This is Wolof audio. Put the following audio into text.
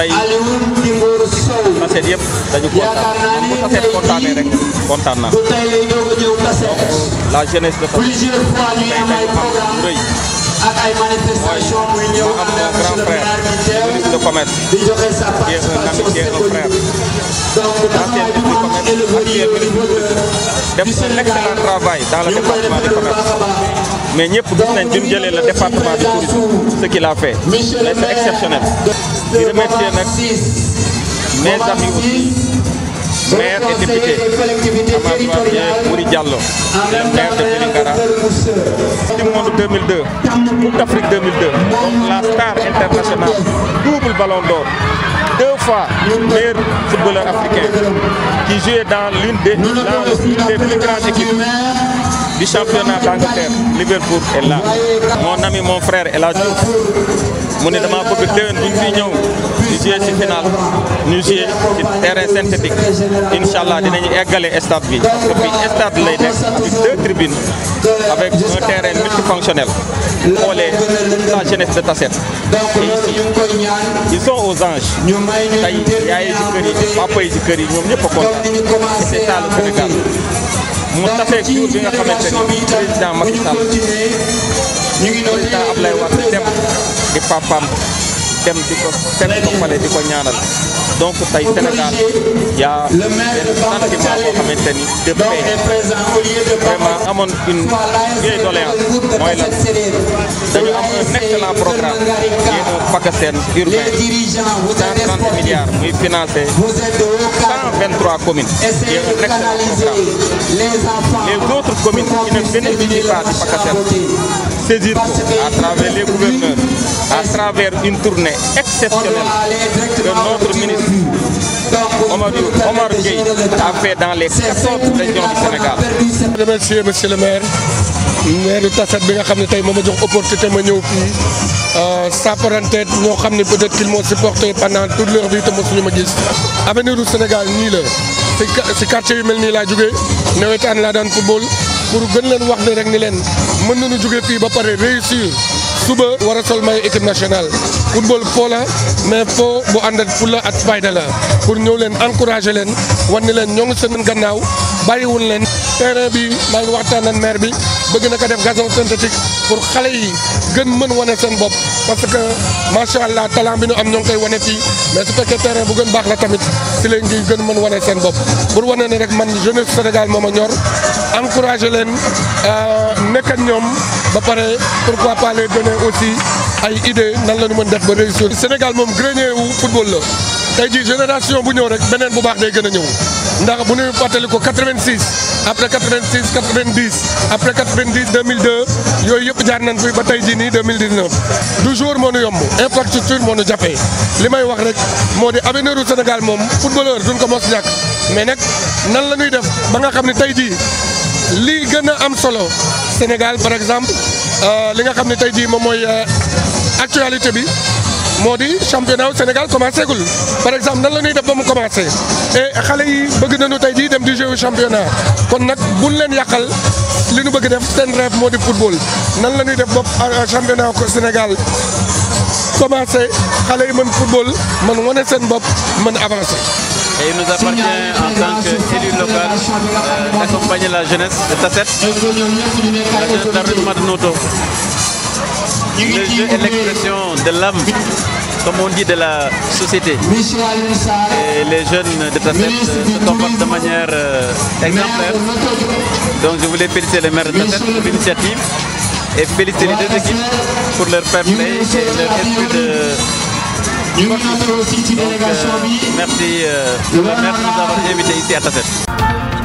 tey kaset yëpp dañu kontaan bu kaset kontaanee kontaan naa la jeunesse de Fatick tey tey ma am lu rëy mooy ma am grand frère de commerce qui est un ami qui est un frère ancien de commerce actuel ministre de def un excellent mais ñëpp gis nañ bi mu jëlee le département du tourisme ce qu'il a fait c'est exceptionnel Je remercie mes amis aussi maire et député Amath Mouri Diallo le maire de Vélingara du monde 2002 Coupe d'Afrique 2002 la star internationale double ballon d'or deux fois meilleur footballeur africain qui jouait dans l'une des, dans l'une des plus grandes équipes du championnat d'Angleterre Liverpool est là mon ami mon frère est là. Diouf mu ne dama que déwén nous ñu fi ñëw ñu jouer ci final terrain synthétique Inch'Allah, nous allons eggale stade bi parce que stade avec deux tribunes avec un terrain multifonctionnel xoolee la jeunesse de Tassette et ici ils sont aux anges Il y a des écuries, yi papa des écuries, kër yi ñoom ñëpp c'est ça le Sénégal mu tafeeg jour bi nga xamante ni président Macky Sall président Abdoulaye Wade dem di papaam dem di ko seen ko fale di ko ñaanal donc tey Sénégal il y'a benn sentiment boo xamante ni de paix vraiment amoon une vieille doléance moi lan dañu am un excellent programme yi mu PACASEN urbain 130 milliards muy financé 123 communes yi un excellent programme Et d'autres communes qui ne bénéficient pas du PACASEN saisir à travers les gouverneurs, à travers une tournée exceptionnelle que notre ministre Omar, Gueye a fait dans les 14 régions du Sénégal. Je remercie monsieur le maire. maire Tassat bi nga xam ne tey moo ma jox opportunité ma ñëw fii euh, saparante ñoo xam ne peut-être qu'ils m'ont supporté pendant toute leur vie te nous ma gis avenir du Sénégal nii la si quartier yu mel nii laa jógee nawetaan laa daan football pour gën leen wax ne rek ni leen mën nañu jóge fii ba pare réussir suba war a sol mayo équipe nationale football foo la mais foo bu ànd ak fulla ak fayda la pour ñëw leen encourager leen wan ne leen ñoo ngi seen gannaaw bàyyiwul leen terrain bi maa ngi waxtaan ak maire bi bëgg na ko def gazon synthétique pour xale yi gën mën wane seen bopp parce que macha allah talent bi nu am ñoo ngi koy wane fii mais su fekkee terrain bu gën baax la tamit si lañ ngi gën mën wane seen bopp pour wane ne rek man jeunesse Sénégal moom ñor encourager les euh, nekk ak ñoom ba pourquoi pas les donner aussi ay idée nan la ñu mën def ba Sénégal moom grenier ou football la tey génération bu ñëw rek beneen bu baax day gën a ndax bu 86 après 86 90 après 90 2002 yooyu yëpp jaar nañ fi ba 2019 du jour moo yomb infrastructure moo nu jàppee li may wax rek moo di avenir du Sénégal moom footballeur duñ ko mos ñàkk mais nag nan la ñuy def ba nga xam lii gën a am solo Sénégal par exemple euh, li nga xam ne tey jii moom mooy euh, actualité bi moo di championnat Sénégal commencé gul par exemple nan la ñuy def ba mu commencé et xale yi bëgg nañu tey jii dem di jouer championnat kon nag buñ leen yàqal li ñu bëgg def seen rêve moo di football nan la ñuy def bopp euh, championnat Sénégal commencé xale yi mën football mën wane seen bopp mën avancé. Et il nous appartient en tant qu'élu local euh, d'accompagner la jeunesse de Tasset, la jeunesse Le jeu est l'expression de l'âme, comme on dit, de la société. Et les jeunes de Tasset euh, se comportent de manière euh, exemplaire. Donc je voulais féliciter les maires de Tasset pour l'initiative et féliciter les deux équipes pour leur fair et leur esprit de euh, merci, euh, de merci d'avoir invité ici à ta tête.